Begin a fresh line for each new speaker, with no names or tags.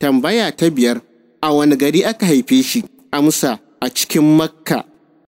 Tambaya ta biyar, a wani gari aka haife shi? Amsa, a cikin Makka.